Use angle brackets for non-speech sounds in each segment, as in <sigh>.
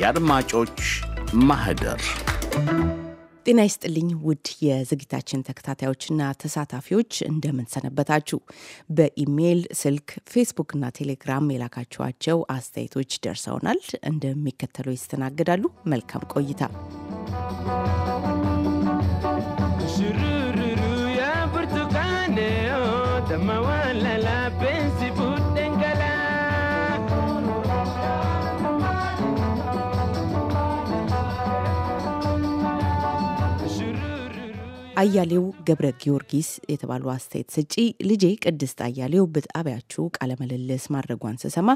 የአድማጮች ማህደር ጤና ይስጥልኝ ውድ የዝግታችን ተከታታዮችና ተሳታፊዎች እንደምንሰነበታችሁ። በኢሜይል ስልክ፣ ፌስቡክና ቴሌግራም የላካችኋቸው አስተያየቶች ደርሰውናል፣ እንደሚከተለው ይስተናግዳሉ። መልካም ቆይታ። ሽሩሩሩ ተመዋ አያሌው ገብረ ጊዮርጊስ የተባሉ አስተያየት ሰጪ ልጄ ቅድስት አያሌው በጣቢያችሁ ቃለምልልስ ማድረጓን ስሰማ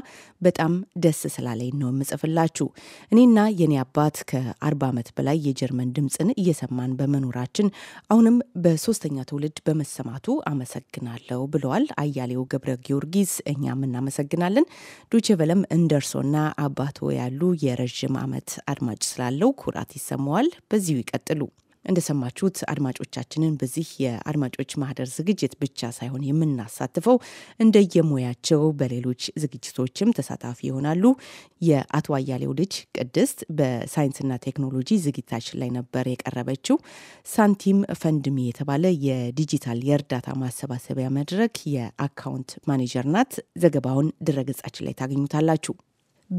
በጣም ደስ ስላለኝ ነው የምጽፍላችሁ። እኔና የኔ አባት ከ40 ዓመት በላይ የጀርመን ድምፅን እየሰማን በመኖራችን አሁንም በሶስተኛ ትውልድ በመሰማቱ አመሰግናለሁ ብለዋል አያሌው ገብረ ጊዮርጊስ። እኛም እናመሰግናለን። ዱቼ ቨለም እንደ አባቶ ያሉ የረዥም ዓመት አድማጭ ስላለው ኩራት ይሰማዋል። በዚሁ ይቀጥሉ። እንደሰማችሁት አድማጮቻችንን በዚህ የአድማጮች ማህደር ዝግጅት ብቻ ሳይሆን የምናሳትፈው እንደየሙያቸው በሌሎች ዝግጅቶችም ተሳታፊ ይሆናሉ። የአቶ አያሌው ልጅ ቅድስት በሳይንስና ቴክኖሎጂ ዝግጅታችን ላይ ነበር የቀረበችው። ሳንቲም ፈንድሚ የተባለ የዲጂታል የእርዳታ ማሰባሰቢያ መድረክ የአካውንት ማኔጀር ናት። ዘገባውን ድረገጻችን ላይ ታገኙታላችሁ።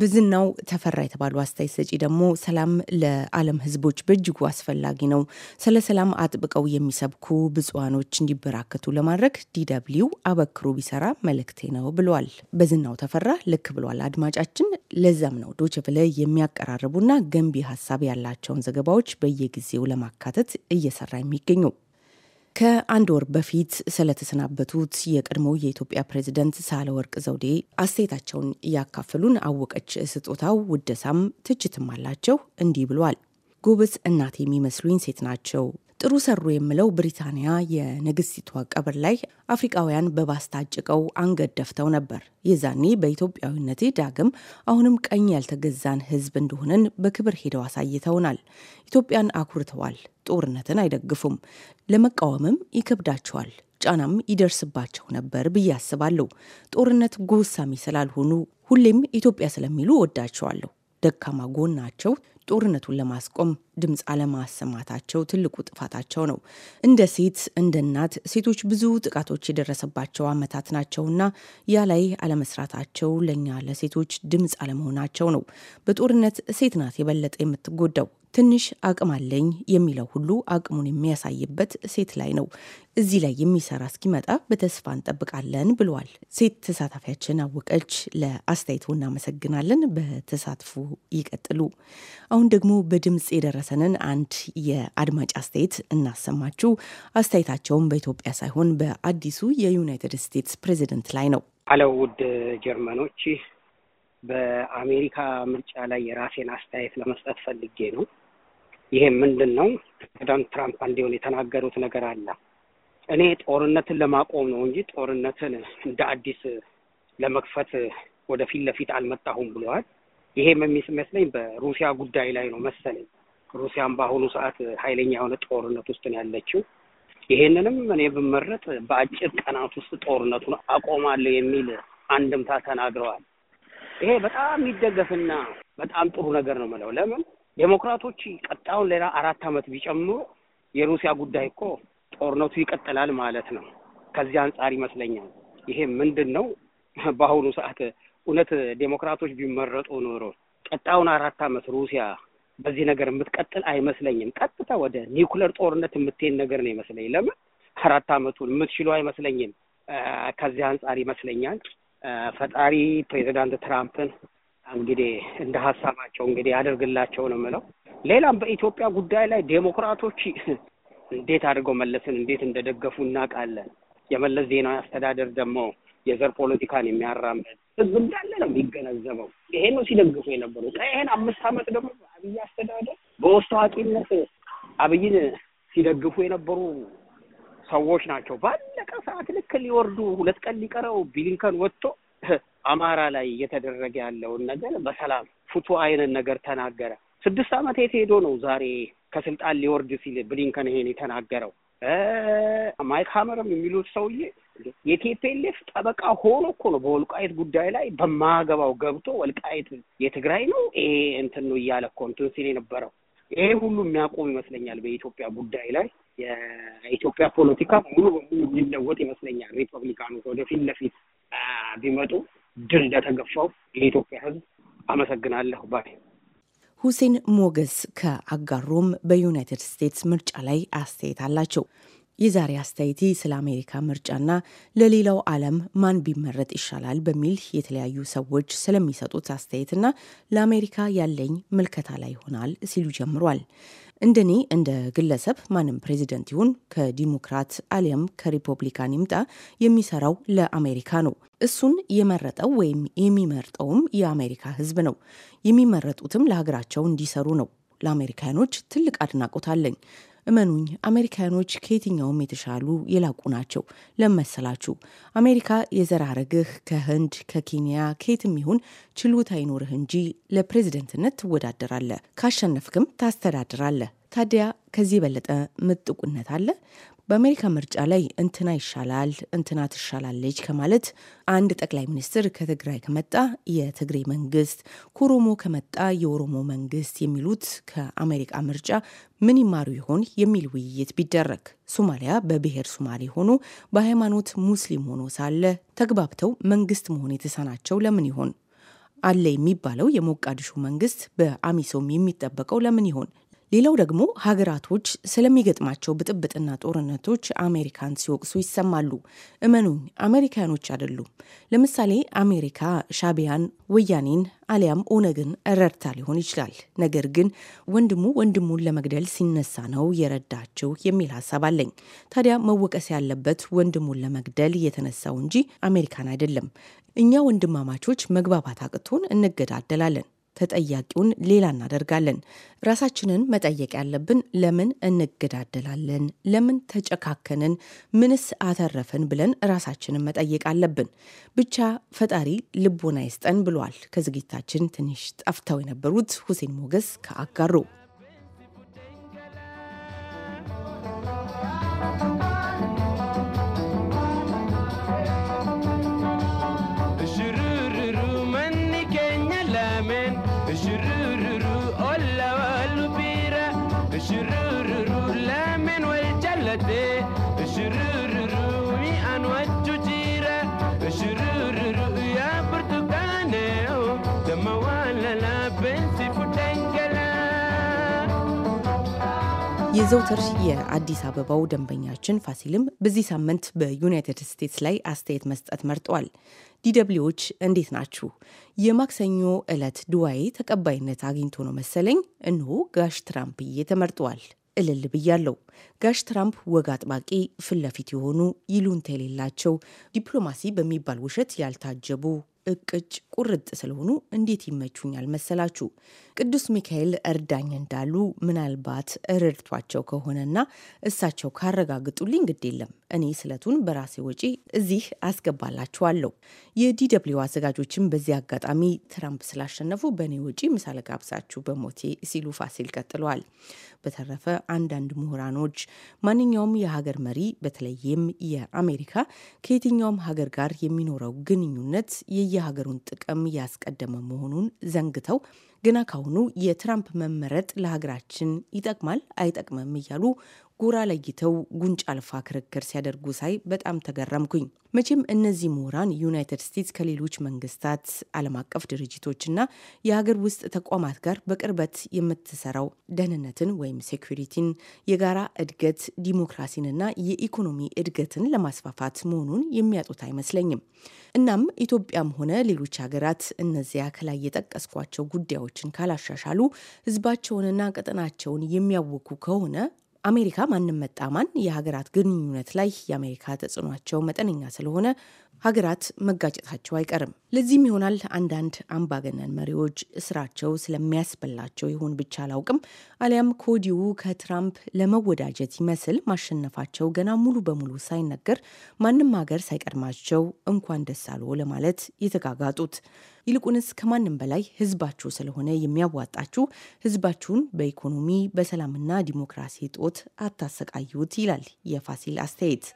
ብዝናው ተፈራ የተባሉ አስተያየት ሰጪ ደግሞ ሰላም ለዓለም ሕዝቦች በእጅጉ አስፈላጊ ነው። ስለ ሰላም አጥብቀው የሚሰብኩ ብፁዓኖች እንዲበራከቱ ለማድረግ ዲደብሊው አበክሮ ቢሰራ መልእክቴ ነው ብሏል። በዝናው ተፈራ ልክ ብሏል አድማጫችን። ለዛም ነው ዶችቭለ የሚያቀራርቡና ገንቢ ሀሳብ ያላቸውን ዘገባዎች በየጊዜው ለማካተት እየሰራ የሚገኘው። ከአንድ ወር በፊት ስለተሰናበቱት የቀድሞው የኢትዮጵያ ፕሬዝደንት ሳህለወርቅ ዘውዴ አስተያየታቸውን እያካፈሉን አወቀች ስጦታው ውደሳም ትችትም አላቸው። እንዲህ ብሏል። ጉብዝ እናት የሚመስሉኝ ሴት ናቸው። ጥሩ ሰሩ የምለው ብሪታንያ የንግስቲቷ ቀብር ላይ አፍሪቃውያን በባስታ አጭቀው አንገት ደፍተው ነበር። የዛኔ በኢትዮጵያዊነቴ ዳግም አሁንም ቀኝ ያልተገዛን ህዝብ እንደሆነን በክብር ሄደው አሳይተውናል። ኢትዮጵያን አኩርተዋል። ጦርነትን አይደግፉም፣ ለመቃወምም ይከብዳቸዋል። ጫናም ይደርስባቸው ነበር ብዬ አስባለሁ። ጦርነት ጎሳሚ ስላልሆኑ ሁሌም ኢትዮጵያ ስለሚሉ ወዳቸዋለሁ። ደካማ ጎናቸው ጦርነቱን ለማስቆም ድምፅ አለማሰማታቸው ትልቁ ጥፋታቸው ነው። እንደ ሴት እንደ እናት ሴቶች ብዙ ጥቃቶች የደረሰባቸው አመታት ናቸውና ያ ላይ አለመስራታቸው ለእኛ ለሴቶች ድምፅ አለመሆናቸው ነው። በጦርነት ሴት ናት የበለጠ የምትጎዳው። ትንሽ አቅም አለኝ የሚለው ሁሉ አቅሙን የሚያሳይበት ሴት ላይ ነው። እዚህ ላይ የሚሰራ እስኪመጣ በተስፋ እንጠብቃለን ብለዋል። ሴት ተሳታፊያችን አወቀች፣ ለአስተያየቱ እናመሰግናለን። በተሳትፎ ይቀጥሉ። አሁን ደግሞ በድምፅ የደረሰንን አንድ የአድማጭ አስተያየት እናሰማችሁ። አስተያየታቸውን በኢትዮጵያ ሳይሆን በአዲሱ የዩናይትድ ስቴትስ ፕሬዚደንት ላይ ነው። አለው ውድ ጀርመኖች በአሜሪካ ምርጫ ላይ የራሴን አስተያየት ለመስጠት ፈልጌ ነው። ይሄ ምንድን ነው? ፕሬዚዳንት ትራምፕ እንዲሆን የተናገሩት ነገር አለ። እኔ ጦርነትን ለማቆም ነው እንጂ ጦርነትን እንደ አዲስ ለመክፈት ወደፊት ለፊት አልመጣሁም ብለዋል። ይሄም የሚመስለኝ በሩሲያ ጉዳይ ላይ ነው መሰለኝ። ሩሲያም በአሁኑ ሰዓት ኃይለኛ የሆነ ጦርነት ውስጥ ነው ያለችው። ይሄንንም እኔ ብመረጥ በአጭር ቀናት ውስጥ ጦርነቱን አቆማለሁ የሚል አንድምታ ተናግረዋል። ይሄ በጣም የሚደገፍና በጣም ጥሩ ነገር ነው የምለው ለምን ዴሞክራቶች ቀጣዩን ሌላ አራት ዓመት ቢጨምሩ የሩሲያ ጉዳይ እኮ ጦርነቱ ይቀጥላል ማለት ነው። ከዚህ አንጻር ይመስለኛል ይሄ ምንድን ነው <laughs> በአሁኑ ሰዓት እውነት ዴሞክራቶች ቢመረጡ ኖሮ ቀጣዩን አራት ዓመት ሩሲያ በዚህ ነገር የምትቀጥል አይመስለኝም። ቀጥታ ወደ ኒውክለር ጦርነት የምትሄድ ነገር ነው ይመስለኝ። ለምን አራት አመቱን የምትችሉ አይመስለኝም። ከዚህ አንጻር ይመስለኛል ፈጣሪ ፕሬዚዳንት ትራምፕን እንግዲህ እንደ ሀሳባቸው እንግዲህ ያደርግላቸው ነው የምለው። ሌላም በኢትዮጵያ ጉዳይ ላይ ዴሞክራቶች እንዴት አድርገው መለስን እንዴት እንደደገፉ እናውቃለን። የመለስ ዜናዊ አስተዳደር ደግሞ የዘር ፖለቲካን የሚያራምድ ህዝብ እንዳለ ነው የሚገነዘበው። ይሄን ነው ሲደግፉ የነበሩ። ይሄን አምስት ዓመት ደግሞ አብይ አስተዳደር በወስጥ አዋቂነት አብይን ሲደግፉ የነበሩ ሰዎች ናቸው። ባለቀ ሰዓት ልክ ሊወርዱ ሁለት ቀን ሊቀረው ብሊንከን ወጥቶ አማራ ላይ እየተደረገ ያለውን ነገር በሰላም ፍቱ አይነት ነገር ተናገረ። ስድስት ዓመት የት ሄዶ ነው ዛሬ ከስልጣን ሊወርድ ሲል ብሊንከን ይሄን የተናገረው? ማይክ ሀመርም የሚሉት ሰውዬ የቲፒኤልኤፍ ጠበቃ ሆኖ እኮ ነው በወልቃይት ጉዳይ ላይ በማገባው ገብቶ ወልቃይት የትግራይ ነው ይሄ እንትን ነው እያለ እኮ እንትን ሲል የነበረው። ይሄ ሁሉ የሚያቆም ይመስለኛል በኢትዮጵያ ጉዳይ ላይ የኢትዮጵያ ፖለቲካ ሙሉ በሙሉ የሚለወጥ ይመስለኛል። ሪፐብሊካኖች ወደ ፊት ለፊት ቢመጡ ድል እንደተገፋው የኢትዮጵያ ሕዝብ አመሰግናለሁ ባይ ሁሴን ሞገስ ከአጋሮም በዩናይትድ ስቴትስ ምርጫ ላይ አስተያየት አላቸው። የዛሬ አስተያየቲ ስለ አሜሪካ ምርጫና ለሌላው ዓለም ማን ቢመረጥ ይሻላል በሚል የተለያዩ ሰዎች ስለሚሰጡት አስተያየትና ለአሜሪካ ያለኝ ምልከታ ላይ ይሆናል ሲሉ ጀምሯል። እንደኔ እንደ ግለሰብ ማንም ፕሬዚደንት ይሁን ከዲሞክራት አሊያም ከሪፐብሊካን ይምጣ የሚሰራው ለአሜሪካ ነው። እሱን የመረጠው ወይም የሚመርጠውም የአሜሪካ ሕዝብ ነው። የሚመረጡትም ለሀገራቸው እንዲሰሩ ነው። ለአሜሪካኖች ትልቅ አድናቆት አለኝ። እመኑኝ አሜሪካኖች ከየትኛውም የተሻሉ የላቁ ናቸው። ለመሰላችሁ አሜሪካ የዘር ሐረግህ ከህንድ ከኬንያ ከየትም ይሁን ችሎታ አይኖርህ እንጂ ለፕሬዝደንትነት ትወዳደራለህ፣ ካሸነፍክም ታስተዳድራለህ። ታዲያ ከዚህ የበለጠ ምጥቁነት አለ? በአሜሪካ ምርጫ ላይ እንትና ይሻላል እንትና ትሻላለች ከማለት አንድ ጠቅላይ ሚኒስትር ከትግራይ ከመጣ የትግሬ መንግስት፣ ከኦሮሞ ከመጣ የኦሮሞ መንግስት የሚሉት ከአሜሪካ ምርጫ ምን ይማሩ ይሆን የሚል ውይይት ቢደረግ ሶማሊያ በብሔር ሶማሌ ሆኖ በሃይማኖት ሙስሊም ሆኖ ሳለ ተግባብተው መንግስት መሆን የተሳናቸው ለምን ይሆን? አለ የሚባለው የሞቃዲሾ መንግስት በአሚሶም የሚጠበቀው ለምን ይሆን? ሌላው ደግሞ ሀገራቶች ስለሚገጥማቸው ብጥብጥና ጦርነቶች አሜሪካን ሲወቅሱ ይሰማሉ። እመኑኝ፣ አሜሪካኖች አይደሉም። ለምሳሌ አሜሪካ ሻቢያን፣ ወያኔን አሊያም ኦነግን ረድታ ሊሆን ይችላል። ነገር ግን ወንድሙ ወንድሙን ለመግደል ሲነሳ ነው የረዳቸው የሚል ሀሳብ አለኝ። ታዲያ መወቀስ ያለበት ወንድሙን ለመግደል የተነሳው እንጂ አሜሪካን አይደለም። እኛ ወንድማማቾች መግባባት አቅቶን እንገዳደላለን። ተጠያቂውን ሌላ እናደርጋለን። ራሳችንን መጠየቅ ያለብን ለምን እንገዳደላለን? ለምን ተጨካከንን? ምንስ አተረፍን? ብለን ራሳችንን መጠየቅ አለብን። ብቻ ፈጣሪ ልቦና ይስጠን ብሏል። ከዝግጅታችን ትንሽ ጠፍተው የነበሩት ሁሴን ሞገስ ከአጋሩ የዘውትር የአዲስ አበባው ደንበኛችን ፋሲልም በዚህ ሳምንት በዩናይትድ ስቴትስ ላይ አስተያየት መስጠት መርጧል። ዲደብሊዎች እንዴት ናችሁ? የማክሰኞ ዕለት ድዋዬ ተቀባይነት አግኝቶ ነው መሰለኝ። እነሆ ጋሽ ትራምፕዬ ተመርጠዋል። እልል ብያለው። ጋሽ ትራምፕ ወግ አጥባቂ ፊት ለፊት የሆኑ ይሉንታ የሌላቸው ዲፕሎማሲ በሚባል ውሸት ያልታጀቡ እቅጭ ቁርጥ ስለሆኑ እንዴት ይመቹኛል መሰላችሁ? ቅዱስ ሚካኤል እርዳኝ እንዳሉ ምናልባት እረድቷቸው ከሆነና እሳቸው ካረጋግጡልኝ ግድ የለም እኔ ስለቱን በራሴ ወጪ እዚህ አስገባላችኋለሁ። የዲደብሊው አዘጋጆችም በዚህ አጋጣሚ ትራምፕ ስላሸነፉ በእኔ ወጪ ምሳ ጋብሳችሁ በሞቴ ሲሉ ፋሲል ቀጥለዋል። በተረፈ አንዳንድ ምሁራኖች ማንኛውም የሀገር መሪ በተለይም የአሜሪካ ከየትኛውም ሀገር ጋር የሚኖረው ግንኙነት የሀገሩን ጥቅም ያስቀደመ መሆኑን ዘንግተው ገና ካሁኑ የትራምፕ መመረጥ ለሀገራችን ይጠቅማል አይጠቅምም እያሉ ጉራ ለይተው ጉንጭ አልፋ ክርክር ሲያደርጉ ሳይ በጣም ተገረምኩኝ። መቼም እነዚህ ምሁራን ዩናይትድ ስቴትስ ከሌሎች መንግስታት፣ ዓለም አቀፍ ድርጅቶችና የሀገር ውስጥ ተቋማት ጋር በቅርበት የምትሰራው ደህንነትን ወይም ሴኩሪቲን፣ የጋራ እድገት፣ ዲሞክራሲንና የኢኮኖሚ እድገትን ለማስፋፋት መሆኑን የሚያጡት አይመስለኝም። እናም ኢትዮጵያም ሆነ ሌሎች ሀገራት እነዚያ ከላይ የጠቀስኳቸው ጉዳዮችን ካላሻሻሉ ህዝባቸውንና ቀጠናቸውን የሚያውኩ ከሆነ አሜሪካ ማንም መጣማን የሀገራት ግንኙነት ላይ የአሜሪካ ተጽዕኖቸው መጠነኛ ስለሆነ ሀገራት መጋጨታቸው አይቀርም። ለዚህም ይሆናል አንዳንድ አምባገነን መሪዎች ስራቸው ስለሚያስበላቸው ይሆን ብቻ አላውቅም፣ አሊያም ከወዲሁ ከትራምፕ ለመወዳጀት ይመስል ማሸነፋቸው ገና ሙሉ በሙሉ ሳይነገር ማንም ሀገር ሳይቀድማቸው እንኳን ደስ አሉ ለማለት የተጋጋጡት። ይልቁንስ ከማንም በላይ ህዝባችሁ ስለሆነ የሚያዋጣችሁ ህዝባችሁን በኢኮኖሚ በሰላምና ዲሞክራሲ ጦት አታሰቃዩት ይላል የፋሲል አስተያየት።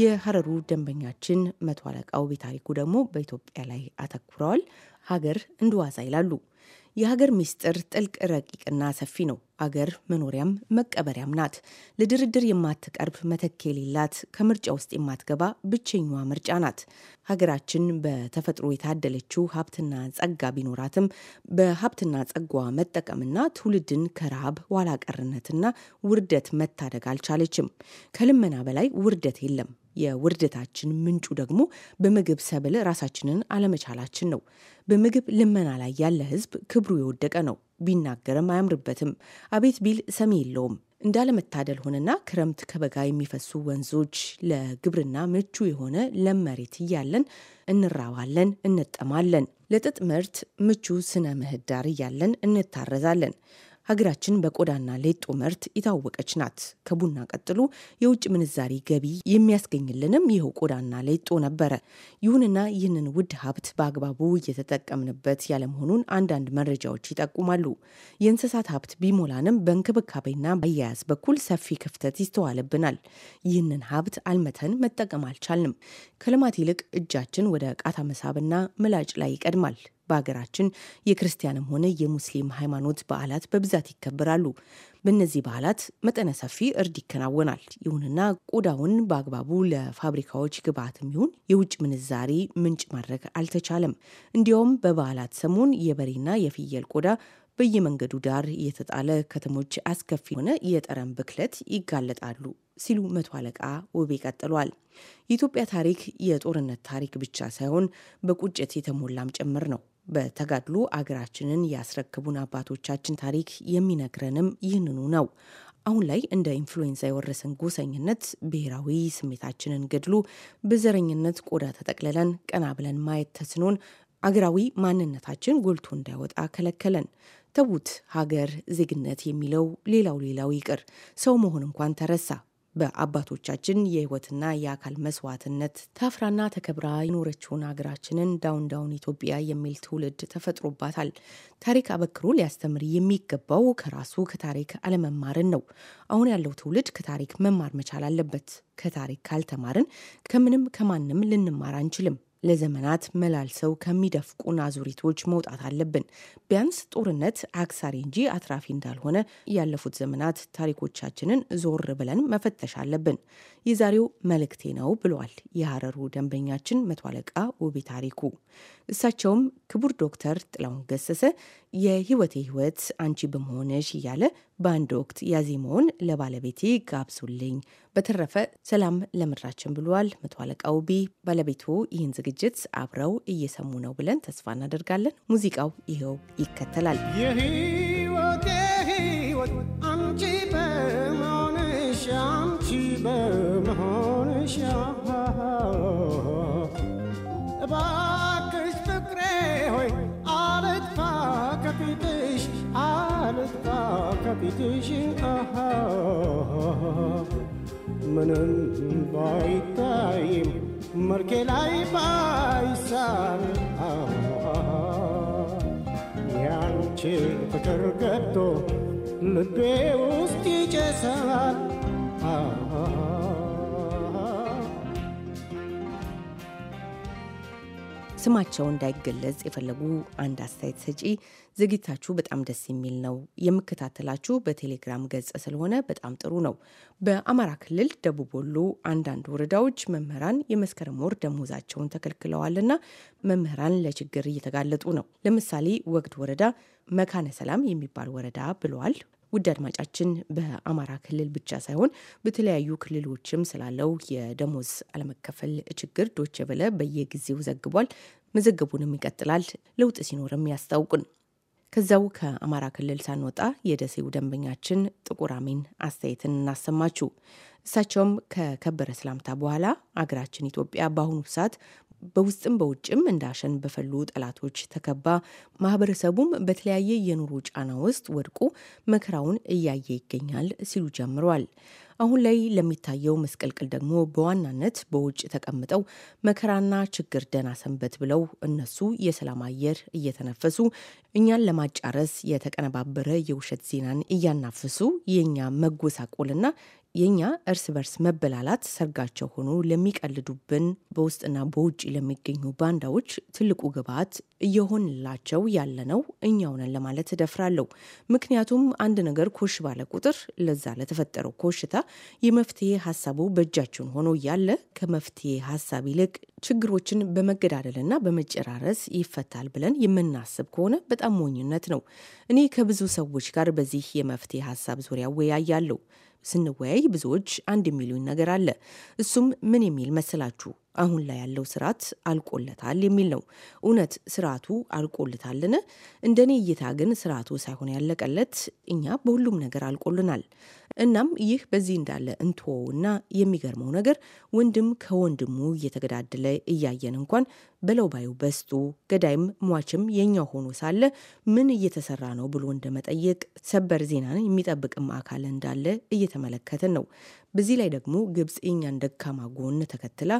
የሀረሩ ደንበኛችን መቶ አለቃው ቤታሪኩ ደግሞ በኢትዮጵያ ላይ አተኩረዋል። ሀገር እንደዋዛ ይላሉ። የሀገር ምስጢር ጥልቅ ረቂቅና ሰፊ ነው። አገር መኖሪያም መቀበሪያም ናት። ለድርድር የማትቀርብ መተክ የሌላት ከምርጫ ውስጥ የማትገባ ብቸኛዋ ምርጫ ናት። ሀገራችን በተፈጥሮ የታደለችው ሀብትና ጸጋ ቢኖራትም በሀብትና ጸጋዋ መጠቀምና ትውልድን ከረሃብ ኋላ ቀርነትና ውርደት መታደግ አልቻለችም። ከልመና በላይ ውርደት የለም። የውርደታችን ምንጩ ደግሞ በምግብ ሰብል ራሳችንን አለመቻላችን ነው። በምግብ ልመና ላይ ያለ ህዝብ ክብሩ የወደቀ ነው። ቢናገርም አያምርበትም። አቤት ቢል ሰሚ የለውም። እንዳለመታደል ሆነና ክረምት ከበጋ የሚፈሱ ወንዞች ለግብርና ምቹ የሆነ ለም መሬት እያለን እንራባለን፣ እንጠማለን። ለጥጥ ምርት ምቹ ስነ ምህዳር እያለን እንታረዛለን። ሀገራችን በቆዳና ሌጦ ምርት የታወቀች ናት። ከቡና ቀጥሎ የውጭ ምንዛሪ ገቢ የሚያስገኝልንም ይኸው ቆዳና ሌጦ ነበረ። ይሁንና ይህንን ውድ ሀብት በአግባቡ እየተጠቀምንበት ያለመሆኑን አንዳንድ መረጃዎች ይጠቁማሉ። የእንስሳት ሀብት ቢሞላንም በእንክብካቤና በአያያዝ በኩል ሰፊ ክፍተት ይስተዋልብናል። ይህንን ሀብት አልመተን መጠቀም አልቻልንም። ከልማት ይልቅ እጃችን ወደ ቃታ መሳብና ምላጭ ላይ ይቀድማል። በሀገራችን የክርስቲያንም ሆነ የሙስሊም ሃይማኖት በዓላት በብዛት ይከበራሉ። በእነዚህ በዓላት መጠነ ሰፊ እርድ ይከናወናል። ይሁንና ቆዳውን በአግባቡ ለፋብሪካዎች ግብአትም ይሁን የውጭ ምንዛሪ ምንጭ ማድረግ አልተቻለም። እንዲያውም በበዓላት ሰሞን የበሬና የፍየል ቆዳ በየመንገዱ ዳር የተጣለ ከተሞች አስከፊ የሆነ የጠረን ብክለት ይጋለጣሉ ሲሉ መቶ አለቃ ውቤ ቀጥሏል። የኢትዮጵያ ታሪክ የጦርነት ታሪክ ብቻ ሳይሆን በቁጭት የተሞላም ጭምር ነው። በተጋድሎ አገራችንን ያስረክቡን አባቶቻችን ታሪክ የሚነግረንም ይህንኑ ነው። አሁን ላይ እንደ ኢንፍሉዌንዛ የወረሰን ጎሰኝነት ብሔራዊ ስሜታችንን ገድሎ በዘረኝነት ቆዳ ተጠቅልለን ቀና ብለን ማየት ተስኖን አገራዊ ማንነታችን ጎልቶ እንዳይወጣ ከለከለን። ተዉት፣ ሀገር፣ ዜግነት የሚለው ሌላው ሌላው ይቅር፣ ሰው መሆን እንኳን ተረሳ። በአባቶቻችን የህይወትና የአካል መስዋዕትነት ታፍራና ተከብራ የኖረችውን ሀገራችንን ዳውን ዳውን ኢትዮጵያ የሚል ትውልድ ተፈጥሮባታል። ታሪክ አበክሮ ሊያስተምር የሚገባው ከራሱ ከታሪክ አለመማርን ነው። አሁን ያለው ትውልድ ከታሪክ መማር መቻል አለበት። ከታሪክ ካልተማርን ከምንም ከማንም ልንማር አንችልም። ለዘመናት መላልሰው ከሚደፍቁን አዙሪቶች መውጣት አለብን። ቢያንስ ጦርነት አክሳሪ እንጂ አትራፊ እንዳልሆነ ያለፉት ዘመናት ታሪኮቻችንን ዞር ብለን መፈተሽ አለብን። የዛሬው መልእክቴ ነው ብሏል የሀረሩ ደንበኛችን መቶ አለቃ ውቤ ታሪኩ። እሳቸውም ክቡር ዶክተር ጥላሁን ገሰሰ የህይወቴ ህይወት አንቺ በመሆነሽ እያለ በአንድ ወቅት ያዜመውን ለባለቤቴ ጋብሱልኝ፣ በተረፈ ሰላም ለምድራችን ብሏል መቶ አለቃ ውቢ። ባለቤቱ ይህን ዝግጅት አብረው እየሰሙ ነው ብለን ተስፋ እናደርጋለን። ሙዚቃው ይኸው ይከተላል። በመሆንሽ እባክሽ ፍቅሬ ምንም ባይታይም መልኬ ላይ ባይሳል ያንቺ ፍቅር ገብቶ ልቤ ውስጥ ይጨሰላል ስማቸው እንዳይገለጽ የፈለጉ አንድ አስተያየት ሰጪ ዝግጅታችሁ በጣም ደስ የሚል ነው። የምከታተላችሁ በቴሌግራም ገጽ ስለሆነ በጣም ጥሩ ነው። በአማራ ክልል ደቡብ ወሎ አንዳንድ ወረዳዎች መምህራን የመስከረም ወር ደሞዛቸውን ተከልክለዋልና መምህራን ለችግር እየተጋለጡ ነው። ለምሳሌ ወግድ ወረዳ መካነ ሰላም የሚባል ወረዳ ብለዋል። ውድ አድማጫችን በአማራ ክልል ብቻ ሳይሆን በተለያዩ ክልሎችም ስላለው የደሞዝ አለመከፈል ችግር ዶቼ ቬለ በየጊዜው ዘግቧል። መዘገቡንም ይቀጥላል። ለውጥ ሲኖርም ያስታውቁን። ከዛው ከአማራ ክልል ሳንወጣ የደሴው ደንበኛችን ጥቁር አሚን አስተያየትን እናሰማችሁ። እሳቸውም ከከበረ ሰላምታ በኋላ አገራችን ኢትዮጵያ በአሁኑ ሰዓት በውስጥም በውጭም እንዳሸን በፈሉ ጠላቶች ተከባ ማህበረሰቡም በተለያየ የኑሮ ጫና ውስጥ ወድቆ መከራውን እያየ ይገኛል ሲሉ ጀምሯል። አሁን ላይ ለሚታየው መስቀልቅል ደግሞ በዋናነት በውጭ ተቀምጠው መከራና ችግር ደህና ሰንበት ብለው እነሱ የሰላም አየር እየተነፈሱ እኛን ለማጫረስ የተቀነባበረ የውሸት ዜናን እያናፈሱ የእኛ መጎሳቆልና የእኛ እርስ በርስ መበላላት ሰርጋቸው ሆኖ ለሚቀልዱብን በውስጥና በውጭ ለሚገኙ ባንዳዎች ትልቁ ግብዓት እየሆንላቸው ያለነው እኛው ነን ለማለት እደፍራለሁ። ምክንያቱም አንድ ነገር ኮሽ ባለ ቁጥር ለዛ ለተፈጠረው ኮሽታ የመፍትሄ ሀሳቡ በእጃችን ሆኖ ያለ ከመፍትሄ ሀሳብ ይልቅ ችግሮችን በመገዳደልና በመጨራረስ ይፈታል ብለን የምናስብ ከሆነ በጣም ሞኝነት ነው። እኔ ከብዙ ሰዎች ጋር በዚህ የመፍትሄ ሀሳብ ዙሪያ ወያያለሁ። ስንወያይ ብዙዎች አንድ የሚሉኝ ነገር አለ። እሱም ምን የሚል መሰላችሁ? አሁን ላይ ያለው ስርዓት አልቆለታል የሚል ነው። እውነት ስርዓቱ አልቆልታልን? እንደኔ እይታ ግን ስርዓቱ ሳይሆን ያለቀለት እኛ በሁሉም ነገር አልቆልናል። እናም ይህ በዚህ እንዳለ እንትወውና የሚገርመው ነገር ወንድም ከወንድሙ እየተገዳደለ እያየን እንኳን በለው ባዩ በስጡ ገዳይም ሟችም የኛው ሆኖ ሳለ ምን እየተሰራ ነው ብሎ እንደመጠየቅ ሰበር ዜናን የሚጠብቅም አካል እንዳለ እየተመለከትን ነው። በዚህ ላይ ደግሞ ግብጽ የኛን ደካማ ጎን ተከትላ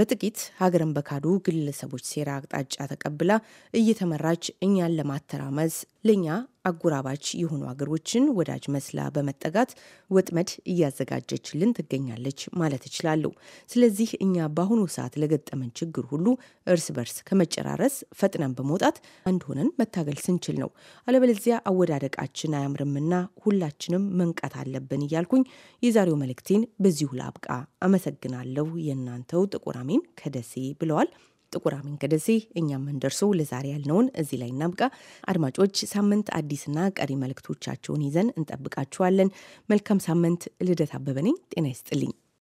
በጥቂት ሀገርን በካዱ ግለሰቦች ሴራ አቅጣጫ ተቀብላ እየተመራች እኛን ለማተራመስ ለእኛ አጎራባች የሆኑ አገሮችን ወዳጅ መስላ በመጠጋት ወጥመድ እያዘጋጀችልን ትገኛለች ማለት ይችላሉ። ስለዚህ እኛ በአሁኑ ሰዓት ለገጠመን ችግር ሁሉ እርስ በርስ ከመጨራረስ ፈጥነን በመውጣት አንድ ሆነን መታገል ስንችል ነው። አለበለዚያ አወዳደቃችን አያምርምና ሁላችንም መንቀት አለብን እያልኩኝ የዛሬው መልእክቴን በዚሁ ላብቃ። አመሰግናለሁ። የእናንተው ጥቁር አሚን ከደሴ ብለዋል። ጥቁር አሚን ከደሴ፣ እኛም መንደርሶ ለዛሬ ያልነውን እዚህ ላይ እናብቃ። አድማጮች፣ ሳምንት አዲስና ቀሪ መልእክቶቻቸውን ይዘን እንጠብቃችኋለን። መልካም ሳምንት። ልደት አበበ ነኝ። ጤና ይስጥልኝ።